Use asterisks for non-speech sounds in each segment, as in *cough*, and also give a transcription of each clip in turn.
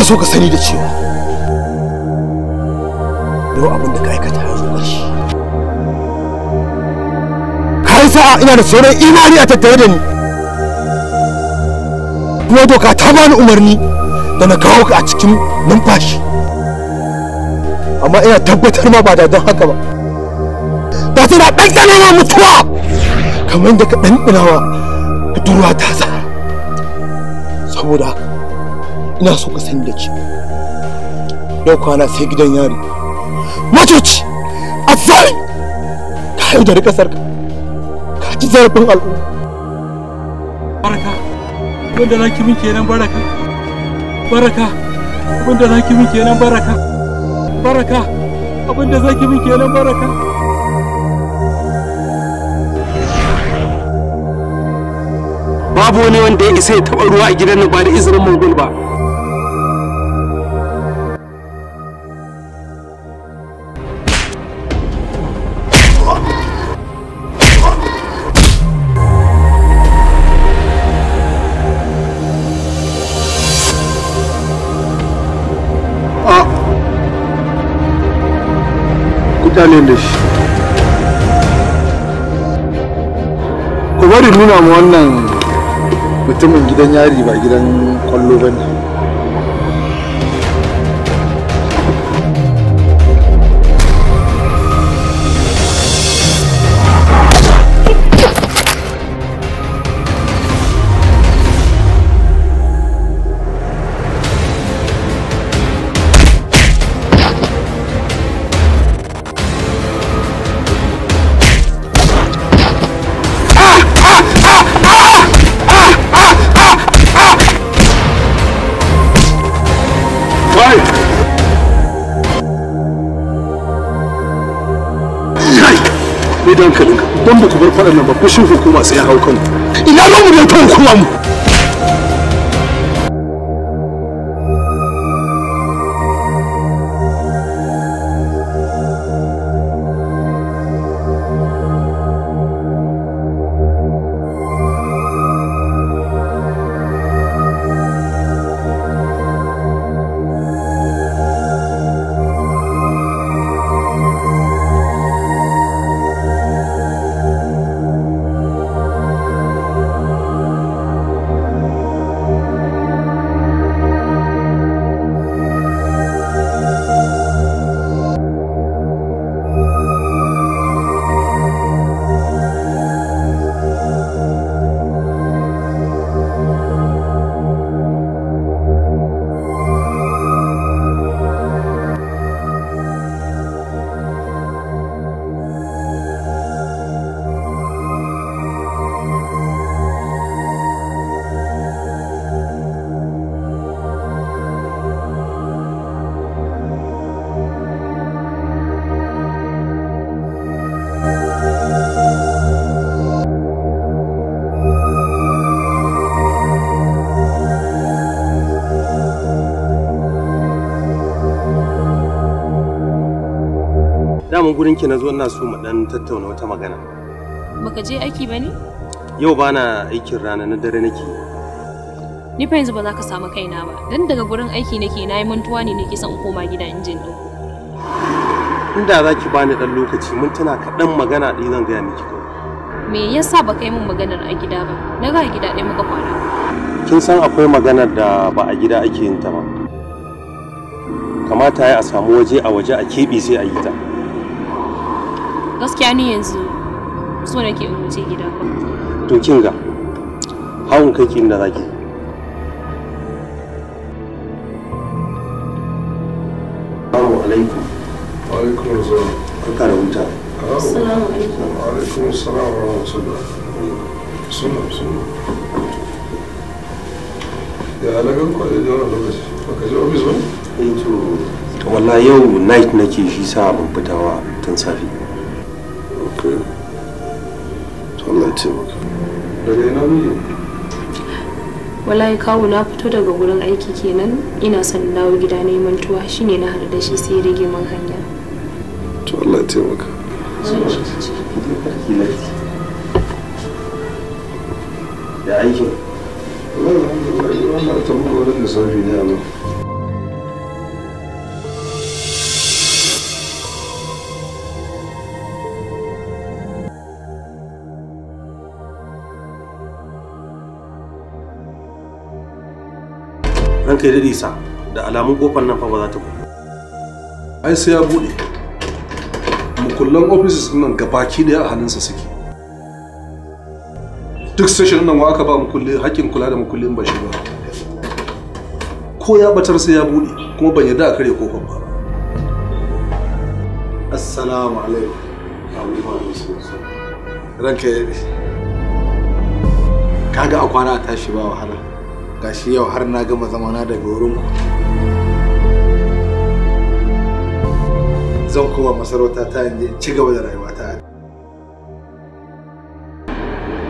ya so ka sani da cewa yau abin da ka aikata ya zo ƙarshe ka yi sa'a ina da sauran imani a tattare da ni kuma doka ta ni umarni da na kawo ka a cikin numfashi amma ina tabbatar ma ba da don haka ba da tana ɗanɗana na mutuwa kamar da ka ɗanɗana wa budurwa ta sa saboda ina so ka sani da ke yau kwana sai gidan yari matoci a zari ka da rikasar ka ka ci zarafin al'umma baraka wanda na kimin kenan baraka baraka wanda na kimin kenan baraka baraka abinda zaki min kenan baraka babu wani wanda ya isa ya taɓa ruwa a gidan nan ba da izinin mongol ba kyale da shi ku bari nuna mu wannan mutumin gidan yari ba gidan kwallo ba ne Ni don ka don ba ku bar faɗan nan ba fushin hukuma sai ya hau kanku. Ina ruwan mu hukuma mu. mu gurin ki nazo ina so mu dan tattauna wata magana. Baka je aiki ba ne? Yau ba na aikin rana na dare nake. Ni fa yanzu ba za ka samu kaina ba. Dan daga gurin aiki nake nayi mantuwa ne nake son koma gida in jin din. Inda za ki bani dan lokaci mun tana kaɗan magana ɗaya zan gaya miki kawai. Me yasa ba kai mun maganar a gida ba? Na ga gida ɗaya muka kwana. Kin san akwai maganar da ba a gida ake yin ta ba. Kamata ya a samu waje a waje a keɓe sai a yi ta. gaskiya ni yanzu so nake in wuce gida to kin ga hawan kai kin da zaki Assalamu alaikum. Wa alaikum assalam. Kuka da wuta. Assalamu alaikum. Wa alaikum assalam wa rahmatullah. Sunna sunna. Ya alaƙar kwa da lokaci. Baka ji ofis ba? Eh to. Wallahi yau night nake shi sa ban fitawa tun safe. daga ina miji wallahi kawo na fito daga gurin aiki kenan ina son dawo gida na yi mantuwa shine na hada da shi sai ya rage man hanya to Allah ya taimaka ya aikin wannan ta buga wurin da sauri ne a ranka ya sa da alamun kofar nan fa ba za ta buɗe ai sai ya buɗe mukullan offices nan gabaki ɗaya a hannunsa suke duk session nan wa aka ba mukulli hakkin kula da mukullin ba shi ba ko ya batar sai ya buɗe kuma ban yarda a kare kofar ba assalamu alaikum ranka ya daɗe kaga a kwana a tashi ba wahala gashi yau har na gama zamana daga wurin zan kowa masarauta ta yanzu ci gaba da rayuwata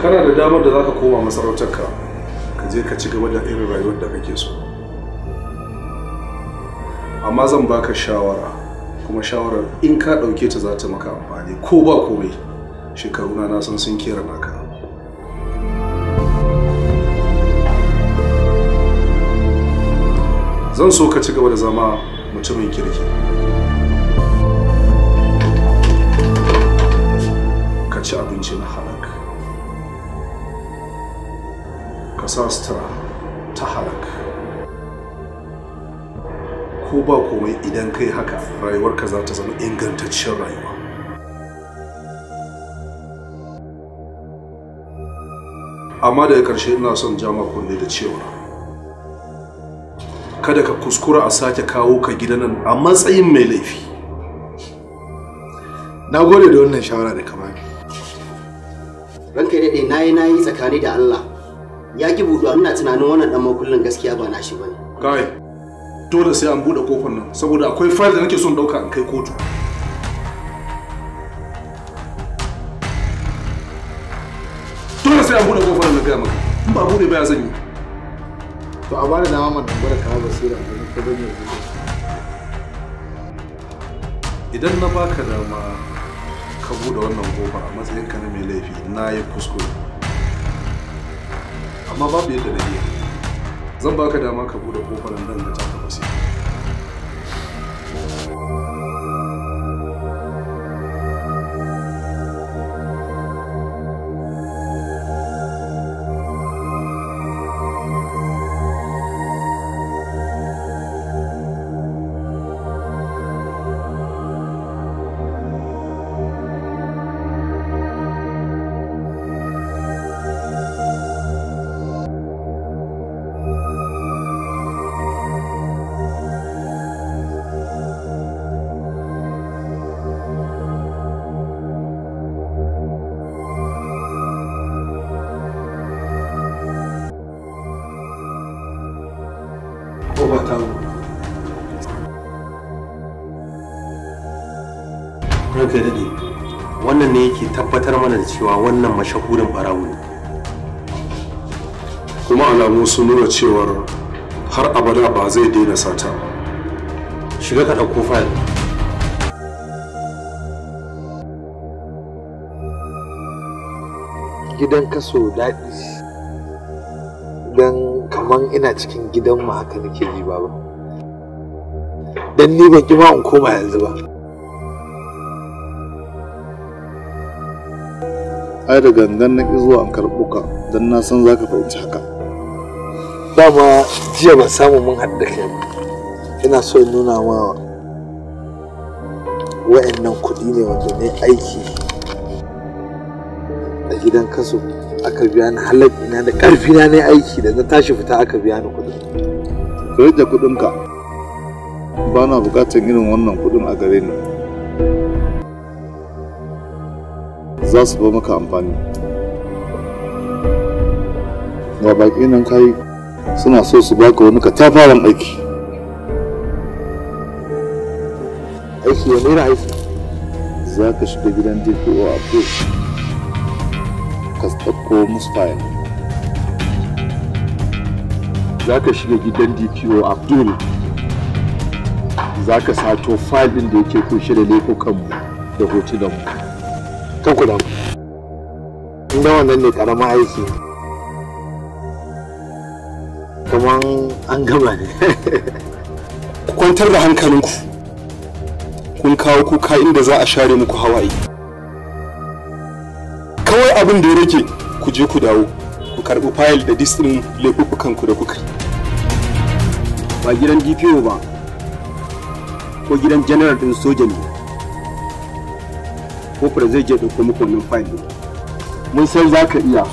kana da damar da zaka koma masarautarka ka je ka ci gaba da irin rayuwar da kake so amma zan baka shawara kuma shawarar in ka ɗauke ta za ta maka amfani ko ba komai shekaruna na san sun kera naka zan so ka ci gaba da zama mutumin kirki ka ci abinci na halak ka sa sutura ta halak ko ba komai idan kai haka rayuwarka za ta zama ingantaccen rayuwa amma daga ƙarshe ina son jama kunne da cewa kada ka kuskura a sake kawo ka gidan nan a matsayin mai laifi na gode da wannan shawara da kama ranka ya daɗe nayi nayi tsakani da Allah ya ki a ina tunanin wannan dan makullin gaskiya ba nashi bane kai dole sai an buɗe kofar nan saboda akwai fayil da nake son ɗauka in kai kotu dole sai an buɗe kofar nan na gaya maka in ba buɗe ba ya zan yi to a bada dama mana gwada kawo basira domin ka zan yi idan na baka dama ka bude wannan kofa a matsayin ka na mai laifi na yi kuskure amma babu yadda na iya zan baka dama ka bude kofar nan da ta ke tabbatar mana da cewa wannan mashahurin barawo ne kuma alamu sun nuna cewar har abada ba zai daina sata ba shiga ka ɗauko fayil gidan kaso daɗi don kaman ina cikin gidanmu haka nake ji ba don ni ban kima in koma yanzu ba ai da gangan na zuwa an karɓo ka don na san za ka fahimci haka dama jiya ban samu mun haɗu da kai ina so in nuna ma wa'annan kuɗi ne wanda ne aiki a gidan kaso aka biya ni halar ina da ƙarfi na ne aiki da na tashi fita aka biya ni kuɗi ka rage kuɗinka ba na buƙatar irin wannan kuɗin a gare ni za su zo maka amfani ga baƙi nan kai suna so su baka wani katafaren aiki aiki wani irin aiki za ka shiga gidan dpo a ka tsakko musu fayil za ka shiga gidan dpo abdul za ka sato fayil ɗin da yake kunshe da laifukanmu da hotunanmu kan ku damu inda wannan ne karamin aiki kamar an gama ne *laughs* ku kwantar da hankalinku kun kawo kuka inda za a share muku hawaye kawai abin da ya rage ku je ku dawo ku karɓi fayil da disney ɗin da kuka ba gidan dpo ba ko gidan Janar ɗin soja ne ko kofar zai je ɗauko kuma kunnin fayil mun san za ka iya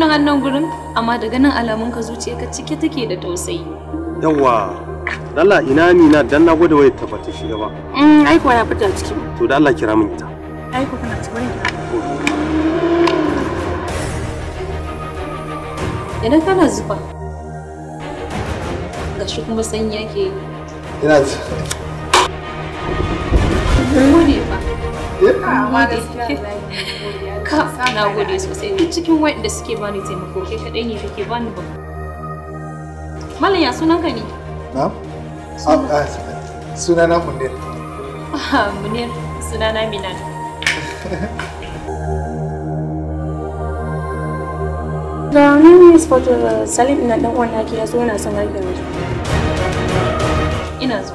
nan hannun gurin amma daga nan alamun ka zuciya ka cike take da tausayi yawa dalla ina na dan na gode waye tabbata shi gaba mm ai kuwa ya fita ciki to dan Allah kira min ita ai ku kana ciki wani ina kana zuba ga shi kuma san yake ina ji Gode fa. Eh, amma gaskiya ka na gode sosai duk cikin waɗanda suke ni taimako kai kaɗai ne kake bani ba malam ya sunanka ne na ah, ah, sunana munir ah, munir sunana minan da wani ne spotar uh, salim na ɗan uwan naki ya zo na son harkar ina zo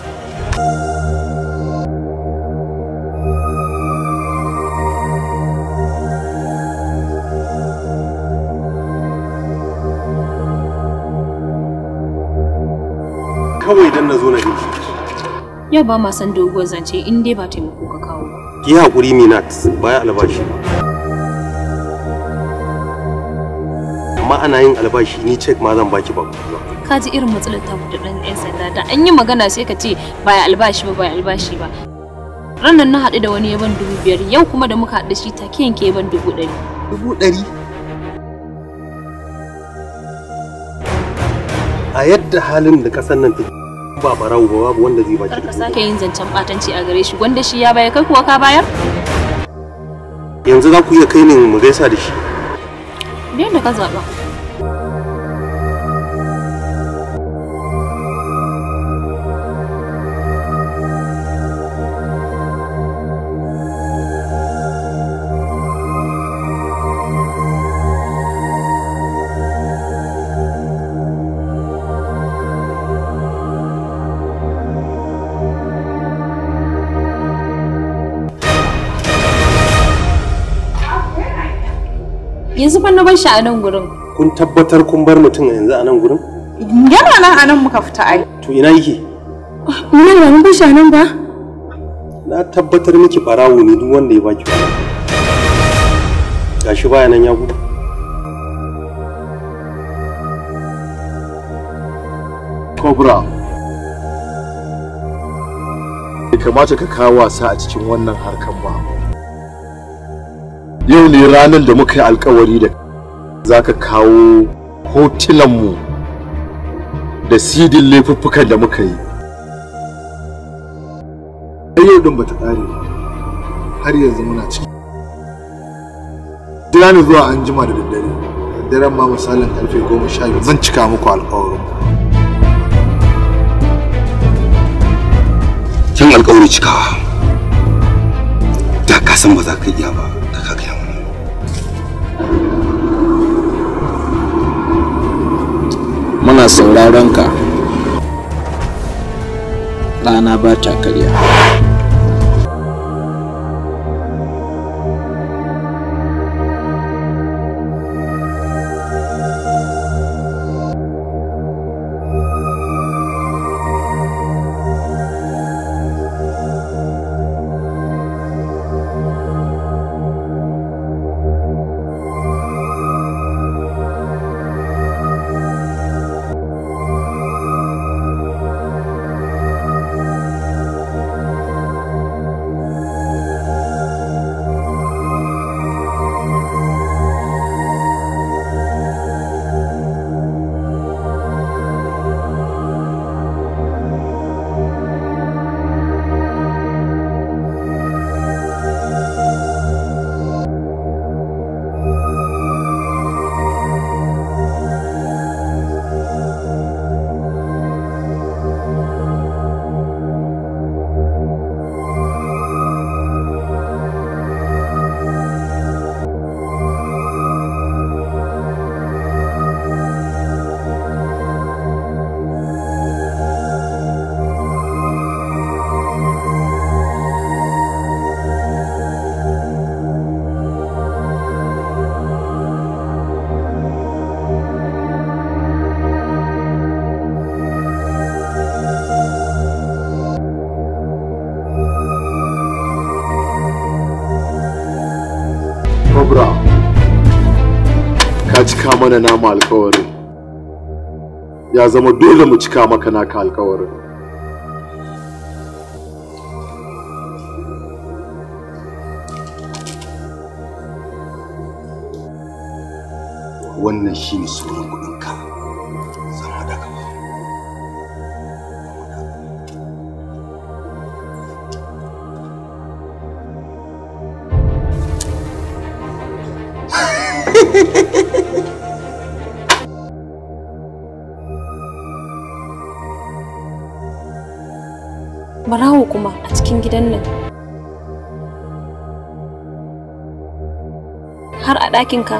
kawai dan na zo na dinki yau ba ma san doguwar zance in dai ba taimako ka kawo ba ki hakuri minat baya albashi amma ana yin albashi ni cek ma zan baki ba ka ji irin matsalar ta da dan yan sanda da an yi magana sai ka ce ba ya albashi ba ya albashi ba ranar na haɗu da wani yaban dubu biyar yau kuma da muka haɗu shi take yanke yaban dubu ɗari dubu ɗari a yadda halin da kasan nan take ba barawo ba babu wanda zai baki. Karka sake yin zancen batanci a gare shi gwanda shi ya bayar kai kuwa ka bayar? Yanzu za ku iya kai ni mu gaisa da shi. Me da ka zaɓa? yanzu fa na bar shi a nan gurin kun tabbatar kun bar mutum yanzu a nan gurin yana nan a nan muka fita ai to ina yake ina ba mun bar shi a nan ba na tabbatar miki barawo ne duk wanda ya baki gashi baya nan ya gudu Kobra. bai kamata ka kawo wasa a cikin wannan harkar ba yau ne ranar da muka yi alkawari da za ka kawo hotunanmu da sidin laifuffukan da muka yi yau din bata ƙare har yanzu muna ciki jira ni zuwa an jima da daddare daren ma misalin karfe goma sha biyu zan cika muku alkawarin can alƙawari cikawa da ka ba za ka iya ba muna sauraron ka rana ba ta karya mana namu alkawarin ya zama dole mu cika maka naka alkawarin wannan shi ne sauran kudin barawo kuma a cikin gidan nan har a ɗakinka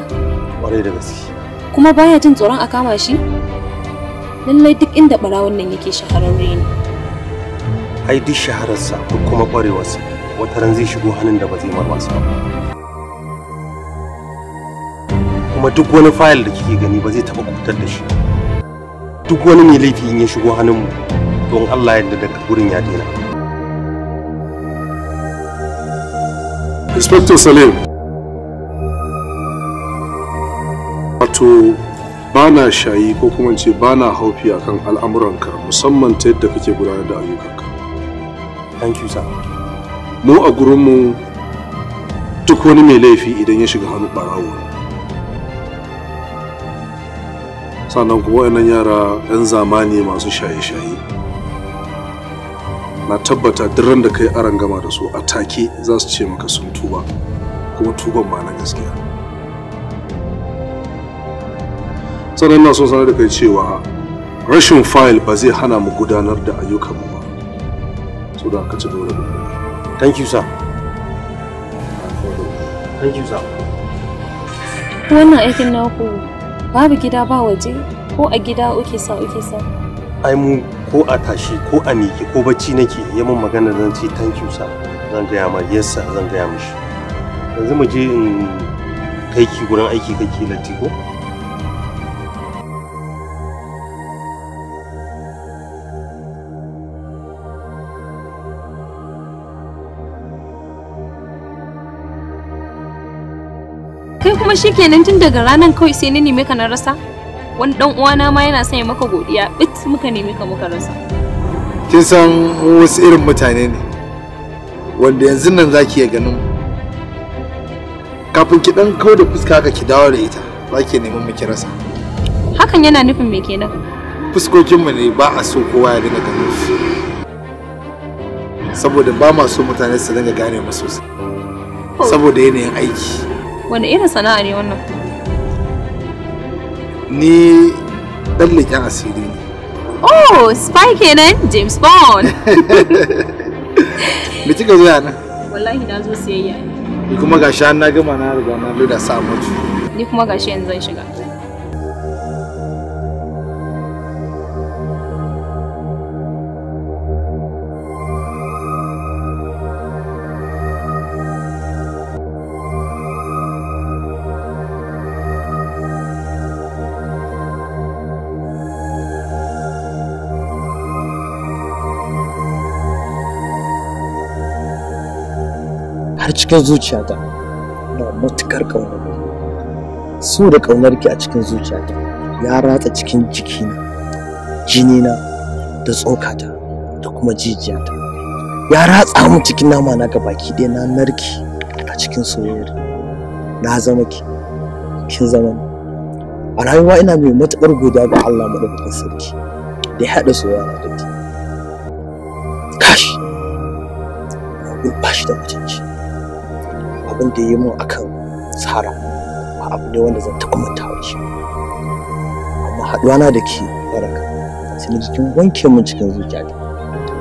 ƙwarai da gaske kuma baya jin tsoron a kama shi lallai duk inda barawon nan yake shahararre ne ai duk shahararsa duk kuma ƙwarewarsa wata ran zai shigo hannun da ba zai marwasa ba kuma duk wani fayil da kike gani ba zai taɓa kubutar da shi duk wani mai laifi in ya shigo mu? don Allah yadda daga gurin ya dina. Inspector Salim. Wato ba na shayi ko kuma ce ba na haufi a kan al'amuranka musamman ta yadda kake gudanar da ayyukanka. Thank you sir. Mu a gurinmu duk wani mai laifi idan ya shiga hannu ɓarawo. Sannan kuma waɗannan yara ɗan zamani masu shaye-shaye. na tabbata duk da kai aran gama da su a take za su ce maka sun tuba kuma tuban ma na gaskiya sannan na so sanar da kai cewa rashin fayil ba zai hana mu gudanar da ayyukan ba so da ka ci dole thank you sir thank you sir wannan aikin naku babu gida ba waje ko a gida uke sa uke sa ai mu ko a tashi ko a miƙe ko bacci nake ya min magana zan ce thank you sir zan gaya ma yes sir zan gaya mishi yanzu mu je in kai ki gurin aiki kake latti ko kai kuma shikenan tun daga ranar kawai sai na nemi ka na rasa wani dan uwana ma yana son ya maka godiya bit muka nemi ka muka rasa kin san wasu irin mutane ne wanda yanzu nan zaki iya ganin kafin ki dan kawo da fuska ka ki dawo da ita za ki neman ki rasa hakan yana nufin me kenan fuskokinmu ne ba a so kowa ya dinga ganin su saboda ba ma so mutane su dinga gane mu sosai oh. saboda yanayin aiki wani irin sana'a ne wannan ni dan leƙen asiri ne oh spy kenan james bond *laughs* me kika zo yana wallahi na zo siyayya ne ni kuma gashi na gama na riga na loda sa mutu ni kuma gashi yanzu zan shiga har cikin zuciyata na matukar ƙaunar Su da ƙaunar ki a cikin zuciyata ya ratsa cikin jikina jinina da tsokata da kuma jijiyata ya ratsa mu cikin nama na baki ɗaya na narki a cikin soyayyar na zama ki kin zama a rayuwa ina mai matuƙar godiya ga Allah madaukakin sarki da ya haɗa soyayya da ki kashi ba shi da mutunci abin da ya yi min akan tsara ba abu ne wanda zan taɓa mantawa shi amma haɗuwana da ke baraka sai na jikin wanke mun cikin zuciya ta.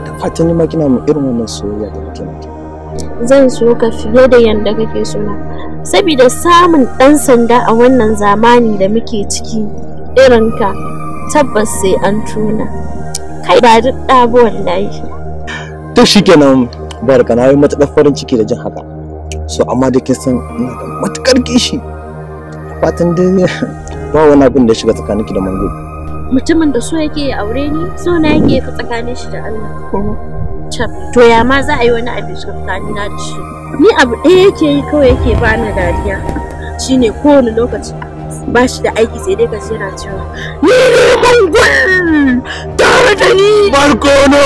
da fatan ma kina min irin wannan soyayya da muke muke? zan so ka fiye da yanda kake so na saboda samun ɗan sanda a wannan zamani da muke ciki irin ka tabbas sai an tuna kai ba duk ɗabo wallahi to shikenan barka na yi matuƙar farin ciki da jin haka so amma da kin san ina da matukar kishi fatan dai *laughs* ba wani abin da ya shiga tsakaninki da mango mutumin da so yake ya aure ni so na yake ya tsakanin shi da Allah mhm. to ya ma za a yi wani abu tsakanin na da shi ni abu ɗaya yake yi kawai yake ba ni dariya shine kowane lokaci ba shi da aiki sai dai ka jira cewa ni ne ta tare da ni barkono